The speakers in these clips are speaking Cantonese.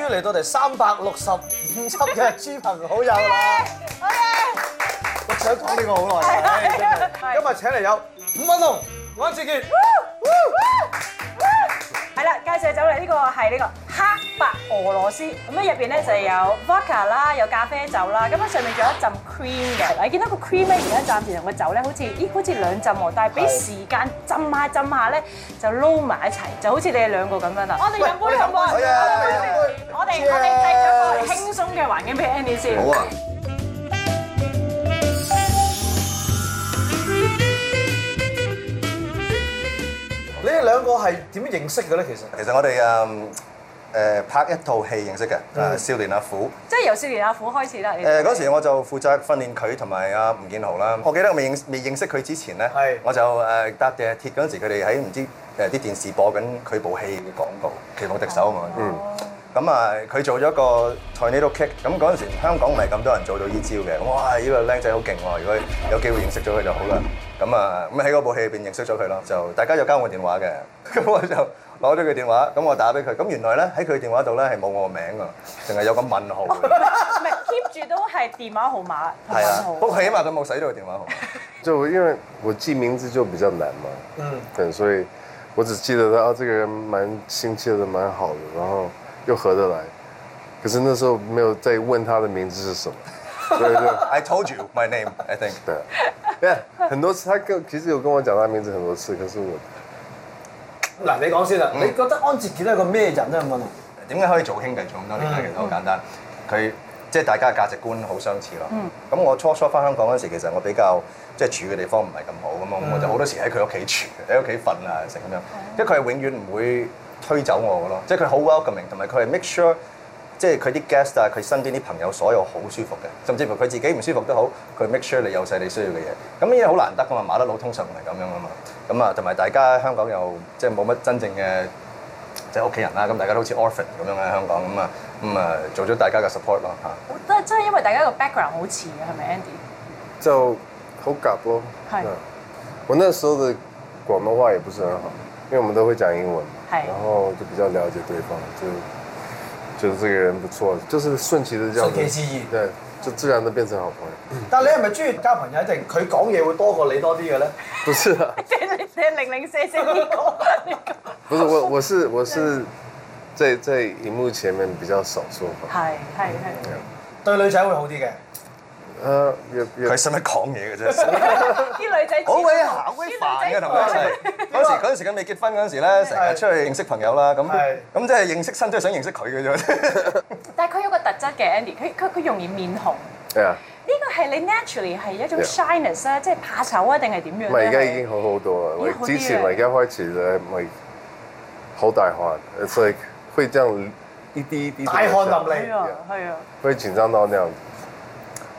豬嚟到嚟三百六十五集嘅豬朋好友啦！好嘢，我想講呢個好耐，今日請嚟有伍允龍，安志杰。係啦，介紹走嚟呢個係呢個黑白俄羅斯，咁喺入邊咧就有 vodka 啦，有咖啡酒啦，咁喺上面仲有一浸 cream 嘅，你見到個 cream 咧而家暫時同個酒咧好似，咦好似兩浸喎，但係俾時間浸下浸下咧就撈埋一齊，就好似你哋兩個咁樣啦。我哋飲杯咁喎，我哋我哋整咗個輕鬆嘅環境俾 Andy 先。好啊。呢兩個係點樣認識嘅咧？其實其實我哋誒誒拍一套戲認識嘅，誒少年阿虎，即係由少年阿虎開始啦。誒嗰時我就負責訓練佢同埋阿吳建豪啦。我記得未認未認識佢之前咧，係我就誒搭地鐵嗰陣時，佢哋喺唔知誒啲電視播緊佢部戲嘅廣告《棋逢敵手》啊嘛。嗯。咁啊，佢做咗個台呢度 kick，咁嗰陣時香港唔係咁多人做到依招嘅。哇！呢個靚仔好勁喎，如果有機會認識咗佢就好啦。咁、嗯、啊，咁喺嗰部戲入邊認識咗佢咯，就大家又交換電話嘅，咁、嗯、我就攞咗佢電話，咁、嗯、我打俾佢，咁原來咧喺佢電話度咧係冇我名㗎，淨係有個問號。唔係 keep 住都係電話號碼。係啊，不過起碼佢冇使到個電話號碼。就因為我記名字就比較難嘛。嗯。 所以我只記得到啊，呢、這個人蠻親切的，蠻好的，然後又合得來。可是，那時候沒有再問他的名字是什麼。I told you my name. I think. 唔、yeah, yeah. 很多次，他其實有跟我講他名字很多次，可是我嗱你講先啦，你覺得安志杰係一個咩人咧咁啊？點解可以做兄弟做咁多年嘅？好簡單，佢即係大家價值觀好相似咯。咁、mm-hmm. 我初初翻香港嗰時，其實我比較即係、就是、住嘅地方唔係咁好咁嘛。Mm-hmm. 我就好多時喺佢屋企住，喺屋企瞓啊食咁樣，即係佢係永遠唔會推走我嘅咯，即係佢好 welcoming，同埋佢係 make sure。即係佢啲 guest 啊，佢身邊啲朋友，所有好舒服嘅，甚至乎佢自己唔舒服都好，佢 make sure 你有曬你需要嘅嘢。咁呢啲好難得噶嘛，馬德佬通常唔係咁樣噶嘛。咁啊，同埋大家香港又即係冇乜真正嘅即係屋企人啦。咁大家都好似 orphan 咁樣喺香港咁啊，咁、嗯、啊做咗大家嘅 support 啦，吓，我都係真係因為大家個 background 好似啊，係咪 Andy？就好夾咯。係。我那時候嘅廣東話也不是很好，因為我們都會講英文嘛，然後就比較了解對方就。就這個人不錯，就是順其自然，順其自然，對，就自然都變成好朋友。但你係咪中意交朋友一定佢講嘢會多過你多啲嘅咧？不是啊，即係零零舍舍不是我，我是我是在，在在熒幕前面比較少說話，係係係，對女仔會好啲嘅。誒、uh, yeah, yeah. 佢使乜講嘢嘅啫？啲女仔好鬼行，好鬼煩嘅同佢一齊。嗰、啊、時嗰陣、啊、時咁未結婚嗰陣時咧，成、啊、日、啊啊啊、出去認識朋友啦。咁咁即係認識新，即係想認識佢嘅啫。但係佢有個特質嘅 Andy，佢佢佢容易面紅。係、yeah. yeah. 啊。是呢個係你 naturally 係一種 shyness 啊，即係怕醜啊，定係點樣咧？而家已經好好多啦。我之前我而家開始誒咪好大汗，所以會將啲啲，一大汗淋漓，係啊，會緊張到咁樣。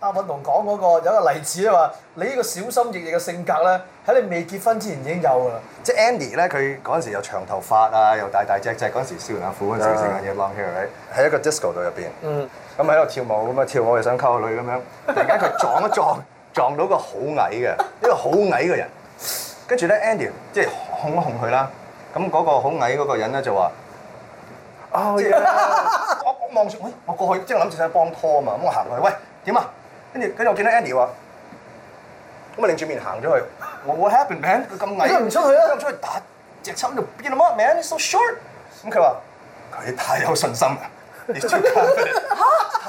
阿敏同講嗰個有一個例子啊，話你呢個小心翼翼嘅性格咧，喺你未結婚之前已經有㗎啦。即係 Andy 咧，佢嗰陣時又長頭髮啊，又大大隻隻，嗰陣時少年阿虎成日嘅 long hair 喺喺一個 disco 度入面。嗯。咁喺度跳舞，咁啊跳舞又想溝女咁樣，突然間佢撞一撞， 撞到個好矮嘅一個好矮嘅人。跟住咧，Andy 即係哄一哄佢啦。咁、那、嗰個好矮嗰個人咧就話、oh, yeah. 我望住，我過去即係諗住想,想幫拖啊嘛。咁我行過去，喂，點啊？跟住，跟住我見到 Andy 話，咁咪轉住面行咗去。What happened, man？佢咁矮，唔出去啊！我出去打隻鰨喺度邊啊嘛，man！So short！咁佢話：佢太有信心啦， 你出街太有信心，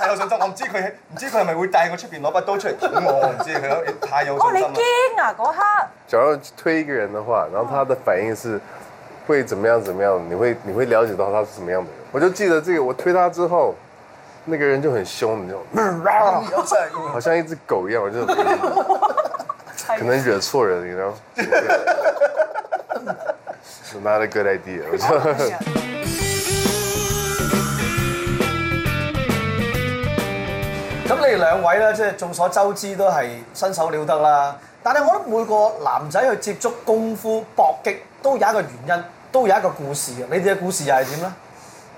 有信心。我唔知佢唔知佢係咪會帶我出邊攞把刀出嚟捅我。我唔知佢太有。哦，你驚啊嗰、那個、刻！假如推一個人嘅話，然後他的反應是會怎麼樣怎麼樣，你會你會了解到他是什麼樣的人。我就記得這個，我推他之後。那個人就很兇，你又唔，好像一隻狗一樣，我就 可能惹錯人，你知道？It's not a good idea。咁 你哋兩位咧，即係眾所周知都係身手了得啦。但係我諗每個男仔去接觸功夫搏擊，都有一個原因，都有一個故事嘅。你哋嘅故事又係點咧？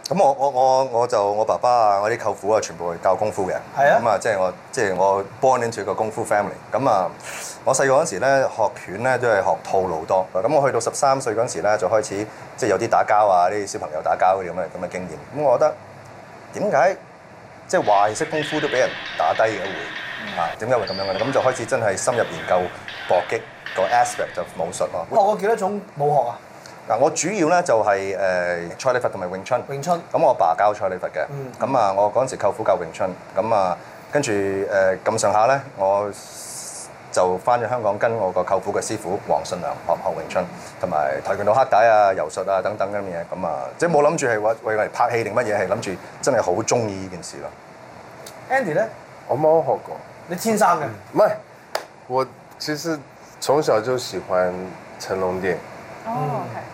咁我我我我就我爸爸啊，我啲舅父啊，全部係教功夫嘅。係啊。咁啊，即係我即係我 born into 個功夫 family。咁啊，我細個嗰時咧學拳咧都係學套路多。咁我去到十三歲嗰時咧，就開始即係、就是、有啲打交啊，啲小朋友打交咁嘅咁嘅經驗。咁我覺得點解即係壞式功夫都俾人打低嘅、嗯、會啊？點解會咁樣嘅？咁就開始真係深入研究搏擊個 aspect 就武術咯。學過幾多種武學啊？嗱，我主要咧就係誒蔡李佛同埋詠，詠春。詠春，咁我阿爸教蔡李佛嘅。嗯。咁啊，我嗰陣時舅父教詠春，咁啊，跟住誒咁上下咧，我就翻咗香港跟我個舅父嘅師傅黃信良學學詠春，同埋跆拳道黑帶啊、柔術啊等等咁嘢。咁啊，即係冇諗住係話為嚟拍戲定乜嘢，係諗住真係好中意呢件事咯。Andy 咧，我冇學過。你天生嘅。唔、嗯、係，我其實從小就喜歡成龍啲。哦。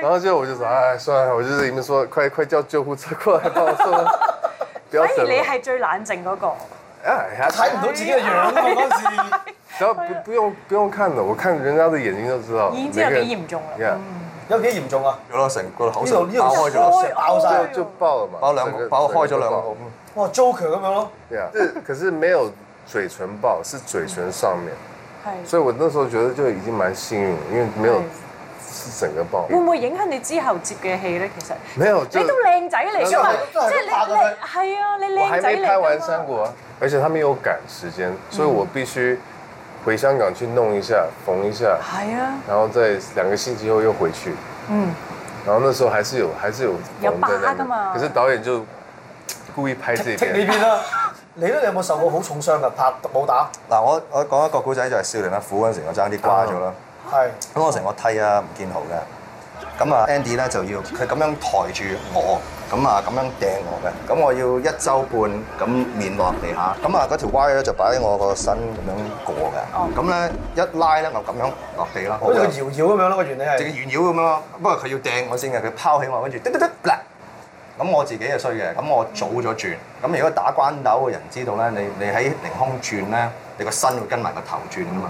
然後就我就說唉，算啦，我就是你們說，快快叫救護車過來幫我送。 所以你係最冷靜嗰、那個。還睇唔到自己嘅樣啊！嗰、哎、時、哎，不不用不用看了，我看人家的眼睛就知道。眼睛有幾嚴重，重啊？有幾嚴重啊？有啦，成個口都爆曬，爆就爆了嘛，爆兩口，爆開咗兩個，個個爆了哇，周可咁樣咯？對啊。是， 可是沒有嘴唇爆，是嘴唇上面。嗯、所以我那時候覺得就已經蠻幸運，因為沒有。整個爆會唔會影響你之後接嘅戲咧？其實沒有，你都靚仔嚟，唔、就、嘛、是，即、就、係、是、你靚，係啊，你靚仔嚟完三國啊，而且他們沒有趕時間，嗯、所以我必須回香港去弄一下、縫一下。係啊，然後再兩個星期後又回去。嗯，然後那時候還是有，還是有。有疤㗎嘛？可是導演就故意拍自己，剔你邊啦 ！你咧有冇受過好重傷啊？拍武打。嗱，我我講一個古仔，就係少年阿虎嗰陣時我爭啲瓜咗啦。係，咁我成個梯啊唔見好嘅，咁啊 Andy 咧就要佢咁樣抬住我，咁啊咁樣掟我嘅，咁我要一週半咁面落地嚇，咁啊嗰條歪咧就擺喺我個身咁樣過嘅，咁咧一拉咧就咁樣落地啦，好似個搖搖咁樣咯，個原理係，直個圓繞咁樣咯，不過佢要掟我先嘅，佢拋起我跟住，得得得，嗱，咁我自己啊衰嘅，咁我早咗轉，咁如果打關鬥嘅人知道咧，你你喺凌空轉咧。你個身會跟埋個頭轉啊嘛，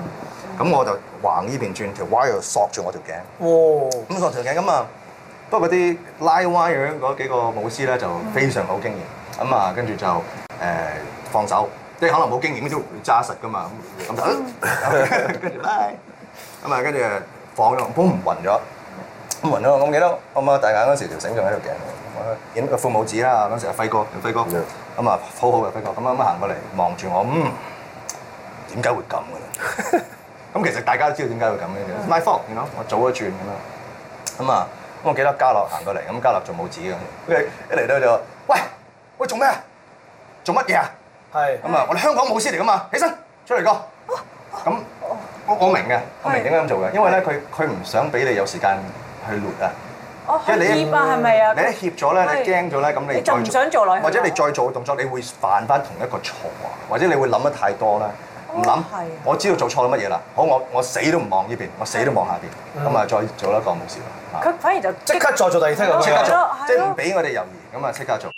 咁、嗯、我就橫呢邊轉條 Y 又索，索住我條頸，哇、哦！咁索條頸咁啊，不過啲拉 Y 樣嗰幾個武師咧就非常好經驗，咁啊跟住就、欸、放手，即係可能冇經驗都揸實㗎嘛，咁就跟住拉，咁啊跟住放咗，boom 暈咗，咁暈咗咁幾多？啱啱大眼嗰時條、那個、繩仲喺度頸，影個父母指啦嗰時阿輝哥，阿輝哥，咁啊好好嘅輝哥，咁啱啱行過嚟望住我，嗯。點解會咁嘅咧？咁 其實大家都知道點解會咁嘅嘅。My fault，見 you 到 know? 我早咗轉咁啊，咁啊，咁我記得家樂行過嚟，咁家樂做武指嘅，跟住一嚟到就喂喂做咩啊？做乜嘢啊？係咁啊！我哋香港武師嚟噶嘛，起身出嚟講。咁我我明嘅，我明點解咁做嘅，因為咧佢佢唔想俾你有時間去攣啊。哦，係。二百係咪啊？你一怯咗咧，你驚咗咧，咁你，你就唔想做耐。或者你再做嘅動作，你會犯翻同一個錯啊？或者你會諗得太多咧？唔諗、哦啊，我知道做錯咗乜嘢啦。好，我我死都唔望呢邊，我死都望下邊。咁、嗯、啊，再做一個冇事啦。佢反而就即刻再做第二梯、哦哦啊，即係唔俾我哋猶豫。咁啊，即刻做。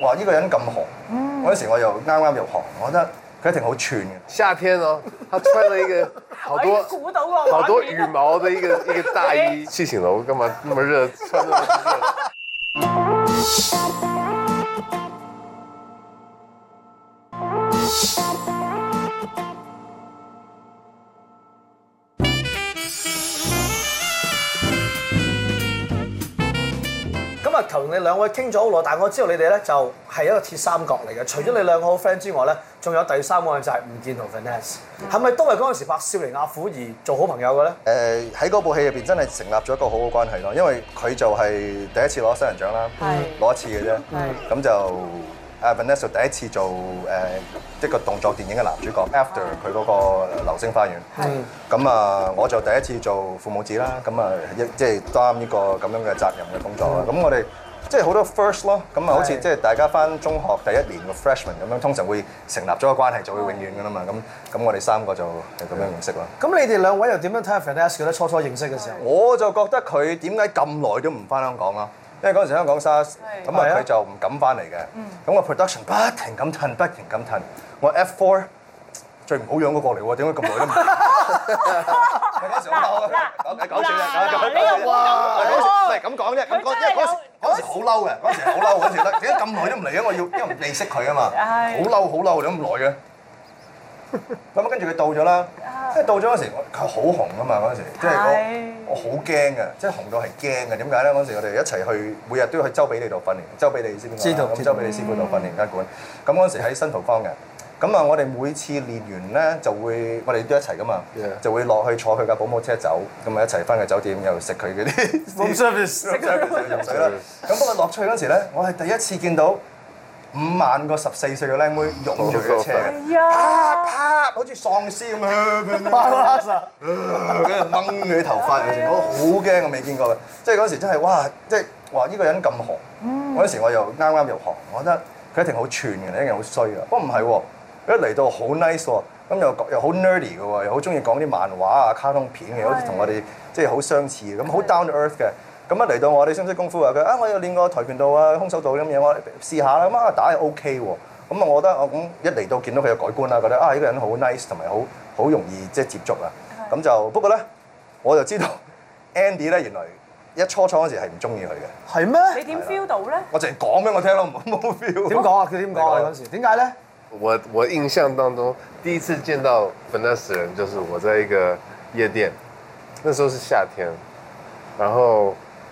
哇！呢、呢個人咁紅，我、嗯、嗰時候我又啱啱入行，我覺得佢一定好串嘅。夏天咯，他穿了一個好多、 哎、估到個好多羽毛的一個一個大衣，去青島幹嘛？那麼熱，穿那麼熱。 嗯咁啊，同你兩位傾咗好耐，但係我知道你哋咧就係一個鐵三角嚟嘅。除咗你兩個好 friend 之外咧，仲有第三個人就係吳建豪同 Vanness，n 係咪都係嗰陣時拍《少年阿虎》而做好朋友嘅咧？誒，喺嗰部戲入邊真係成立咗一個好好關係咯。因為佢就係第一次攞新人獎啦，攞一次嘅啫。咁就。Vanessa 第一次做誒一個動作電影嘅男主角的，After 佢嗰個流星花園。咁啊，我就第一次做父母子啦。咁啊，即係擔呢個咁樣嘅責任嘅工作啦。咁我哋即係好多 first 咯。咁啊，好似即大家翻中學第一年嘅 freshman 咁樣，通常會成立咗個關係就會永遠㗎啦嘛。咁咁，我哋三個就係咁樣認識啦。咁你哋兩位又點樣睇 Vanessa 咧？初初認識嘅時候，我就覺得佢點解咁耐都唔翻香港啊？因為嗰陣時香港沙士，咁啊佢就唔敢翻嚟嘅。咁，個 production 不停咁褪，不停咁褪。我 F4 最唔好養嗰個嚟喎，點解咁耐都唔嚟？講笑啫，講笑啫。你又講？係咁講啫。嗰時好嬲嘅，嗰時好嬲。嗰時得點解咁耐都唔嚟啊？我要，因為未識佢啊嘛。好嬲，好嬲，想咁耐嘅。咁 跟住佢到咗啦，就是，即係到咗嗰時，佢好紅啊嘛！嗰時即係我，我好驚嘅，即係紅到係驚嘅。點解咧？嗰時我哋一齊去，每日都要去周比利度訓練。周比利知唔知道？咁周比利師傅度訓練間館。咁嗰時喺新桃方嘅。咁啊，我哋每次練完咧，就會我哋都一齊噶嘛，就會落去坐佢架保姆車走，咁啊一齊翻去酒店又食佢嗰啲。咁不過落去嗰時咧，我係第一次見到。五萬個十四歲嘅靚妹擁住架車，哎、啪啪，好似喪屍咁樣 madness，掹住佢頭髮，我好驚，我未見過嘅。即係嗰時真係，哇！即係話呢個人咁紅，嗰、mm-hmm. 時我又啱啱入行，我覺得佢一定好串嘅，呢個人好衰嘅。不過唔係喎，一嚟到好 nice 喎，咁又又好 nerdy 嘅喎，又好中意講啲漫畫啊、卡通片嘅，好似同我哋即係好相似嘅，咁好 down to earth 嘅。咁一嚟到我哋你識唔識功夫啊？佢啊，我又練過跆拳道啊、空手道啲咁嘢，我試下啦。咁啊打係 OK 喎。咁啊，我覺得我咁一嚟到見到佢嘅改觀啦，覺得啊，呢、這個人好 nice 同埋好好容易即係接觸啊。咁就不過咧，我就知道 Andy 咧，原來一初初嗰時係唔中意佢嘅。係咩？你點 feel 到咧？我淨係講俾我聽咯，冇 feel。點講啊？佢點講啊？嗰時點解咧？我我印象當中第一次見到 Vanness 人，就是我在一個夜店，那時候是夏天，然後。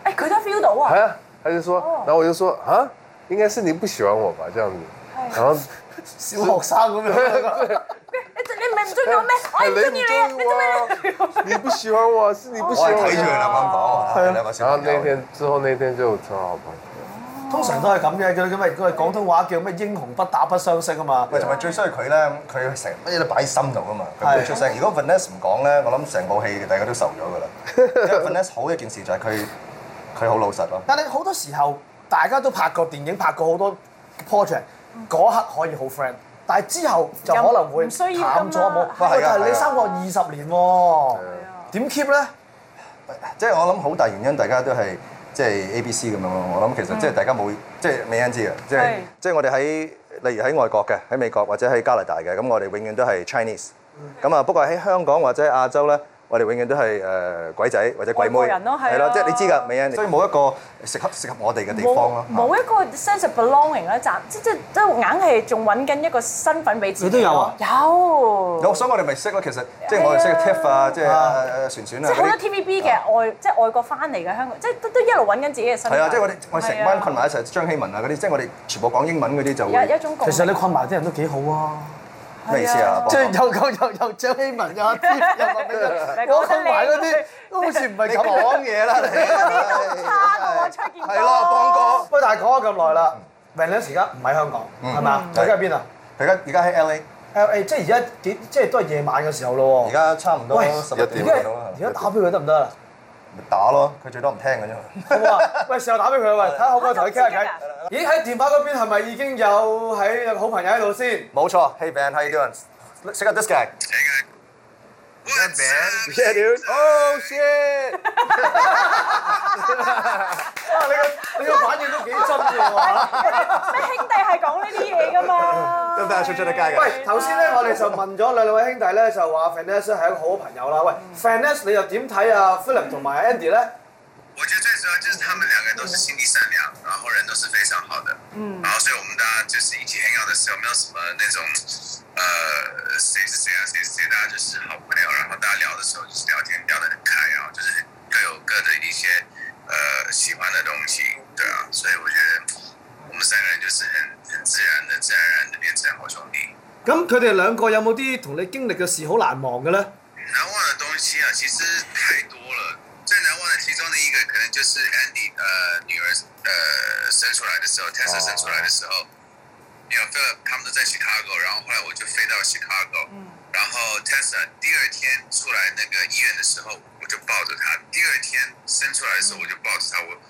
誒、欸、佢都 feel 到啊！係啊，佢就說，然後我就說啊，應該是你不喜歡我吧？這樣子，然後小學生咩？ 對，誒，真係咩？你唔係唔中意我咩？我唔中意你，你中意我？你唔喜歡我是你唔喜，喜歡我？太絕啦，唔好啊！係啦、啊，然後那天之後那天，就好玩後那天之後再合併。通常都係咁嘅，佢咁咪如果係廣東話叫咩英雄不打不相識啊嘛。喂，同埋最衰係佢咧，佢成乜嘢都擺喺心度啊嘛。佢唔出聲。嗯、如果 Vanessa 唔講咧，我諗成部戲大家都受咗㗎喇。因為 Vanessa 好一件事就係佢。佢好老實咯，但係好多時候大家都拍過電影，拍過好多 project，嗰、嗯、刻可以好 friend，但係之後就可能會唔、嗯、需要咁，但係、就是、你三個二十年喎，點 keep 咧？即係、就是、我諗好大原因，大家都係即係、就是、ABC 咁樣咯。我諗其實即係大家冇即係未人知啊！即係即係我哋喺例如喺外國嘅，喺美國或者喺加拿大嘅，咁我哋永遠都係 Chinese。咁啊，不過喺香港或者喺亞洲咧。我哋永遠都係誒鬼仔或者鬼妹，係咯，即係你知㗎，美恩，所以冇一個適合適合我哋嘅地方咯。冇一個 sense of belonging 咧，即即即硬係仲揾緊一個身份俾自己。你都有啊？有。有，所以我哋咪識咯，其實即係我哋識 Tev 啊，即係阿璇璇啊。即係好多 TVB 嘅外，即係外國翻嚟嘅香港，即係都都一路揾緊自己嘅身份。係啊，即係我哋我成班困埋一齊，張希文啊嗰啲，即係我哋全部講英文嗰啲就會。其實你困埋啲人都幾好啊！咩意思啊？即係又講又又張希文又一啲，又阿邊個？我講埋嗰啲都好似唔係咁講嘢啦，你係咯，幫哥。喂，大講咗咁耐啦，問你一時間唔喺香港係咪？佢而家喺邊啊？佢而家而家喺 LA。係誒，即係而家幾？即係都係夜晚嘅時候咯，而家差唔多十一點，而家打俾佢得唔得啊？咪打咯，佢最多唔聽㗎啫。好啊，喂，試下打俾佢啊！喂，睇下可唔可以同佢傾下偈。咦，喺電話嗰邊係咪已經有個好朋友喺度先？冇錯，Hey Ben，How you doing？Check out this guy。Hey Ben，Yeah dude，Oh shit！你個你個反應都幾～咩 兄弟係講呢啲嘢噶嘛？都得出出得街㗎。喂，頭先咧我哋就問咗兩兩位兄弟咧，就話 Vanness 係一個好朋友啦。喂、嗯、Vanness 你又點睇啊？Philip 同埋 Andy 咧？我覺得最主要就是他們兩個都是心地善良、嗯，然後人都是非常好的。嗯。然後所以我們大家就是一起慶祝的時候，沒有什麼那種，呃，誰是誰啊，誰是誰、啊？大家就是好朋友，然後大家聊的時候就是聊天聊得很開啊，就是各有各的一些，呃，喜歡的東西。對啊，所以我覺得我們三個人就是很很自然的自然然的變成好兄弟。咁佢哋兩個有冇啲同你經歷嘅事好難忘噶咧？難忘嘅東西啊，其實太多了。最難忘的其中的一個可能就是 Andy，誒、呃、女兒呃生出來的時候，Tessa 生出來的時候，Philip、啊、他們都在 Chicago，然後後來我就飛到 Chicago，、嗯、然後 Tessa 第二天出來那個醫院的時候，我就抱着她，第二天生出來的時候我就抱着她，我。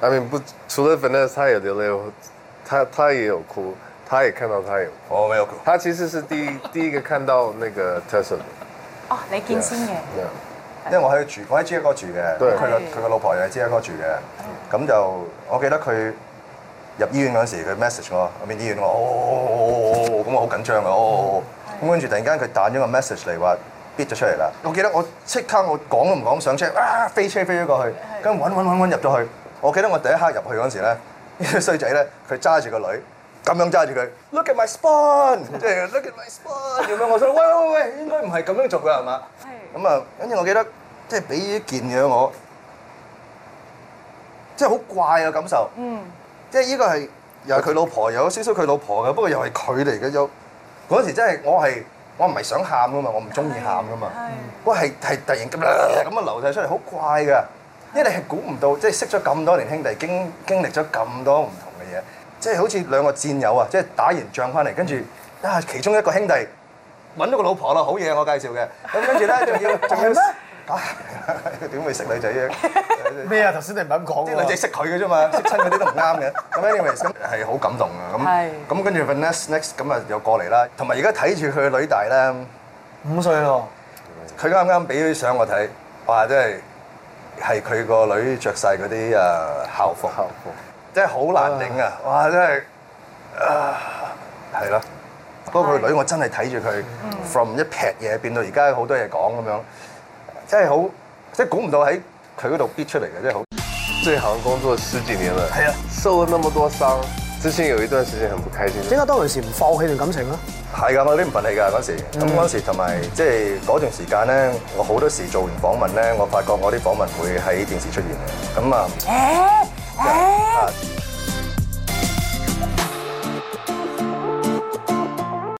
I mean，to l i v e n n e r 他有流淚，他他也有哭，他也看到，他有。哦，沒有哭。他其實是第一第一個看到那個 Tessa、oh, yeah. yeah. yeah. yeah. 嗯。哦，你見先嘅。因為我喺住，我喺芝加哥住嘅，佢個佢個老婆又係芝加哥住嘅，咁就我記得佢入醫院嗰時，佢 message 我，入面醫院我哦哦哦哦哦，咁、哦哦哦哦、 我好緊張噶，咁跟住突然間佢彈咗個 message 嚟話，bit 咗出嚟啦。我記得我即刻我講都唔講，上車啊飛車飛咗過去，跟住搵搵搵搵入咗去。我記得我第一刻入去嗰時咧，呢個衰仔咧，佢揸住個女，咁樣揸住佢，look at my spawn，即係 look at my spawn，咁樣，我想喂喂喂，應該唔係咁樣做噶係嘛？係。咁啊，跟住我記得，即係俾一件嘢我，即係好怪嘅感受。嗯。即係呢個係又係佢老婆，又有少少佢老婆嘅，不過又係佢嚟嘅。有嗰時真係我係我唔係想喊噶嘛，我唔中意喊噶嘛。係。不過係係突然咁咁啊流曬出嚟，好怪㗎。因為你係估唔到，即係識咗咁多年兄弟，經經歷咗咁多唔同嘅嘢，即係好似兩個戰友啊！即係打完仗翻嚟，跟住啊，其中一個兄弟搵到個老婆咯，好嘢啊！我介紹嘅，咁跟住咧，仲要仲要咧嚇點會識女仔啫？咩啊？頭先你唔敢講喎，即係兩隻識佢嘅啫嘛，識親嗰啲都唔啱嘅。咁呢位咁係好感動啊！咁咁跟住 Vanessa 咁啊又過嚟啦，同埋而家睇住佢女大咧五歲咯，佢啱啱俾啲相我睇，哇！真係～係佢個女着晒嗰啲誒校服，即係好難頂啊！哇，真係係咯，不過佢個女我真係睇住佢，from 一劈嘢變到而家好多嘢講咁樣，真係好，即係估唔到喺佢嗰度逼出嚟嘅，即係好。最行工作十幾年了，係啊，受咗那麼多傷。之前有一段先先要多陣時先去睇先，點解多陣時唔放棄這段感情咧？係㗎，我啲唔忿氣㗎嗰時，咁嗰時同埋即係嗰段時間咧，我好多時做完訪問咧，我發覺我啲訪問會喺電視出現，咁啊。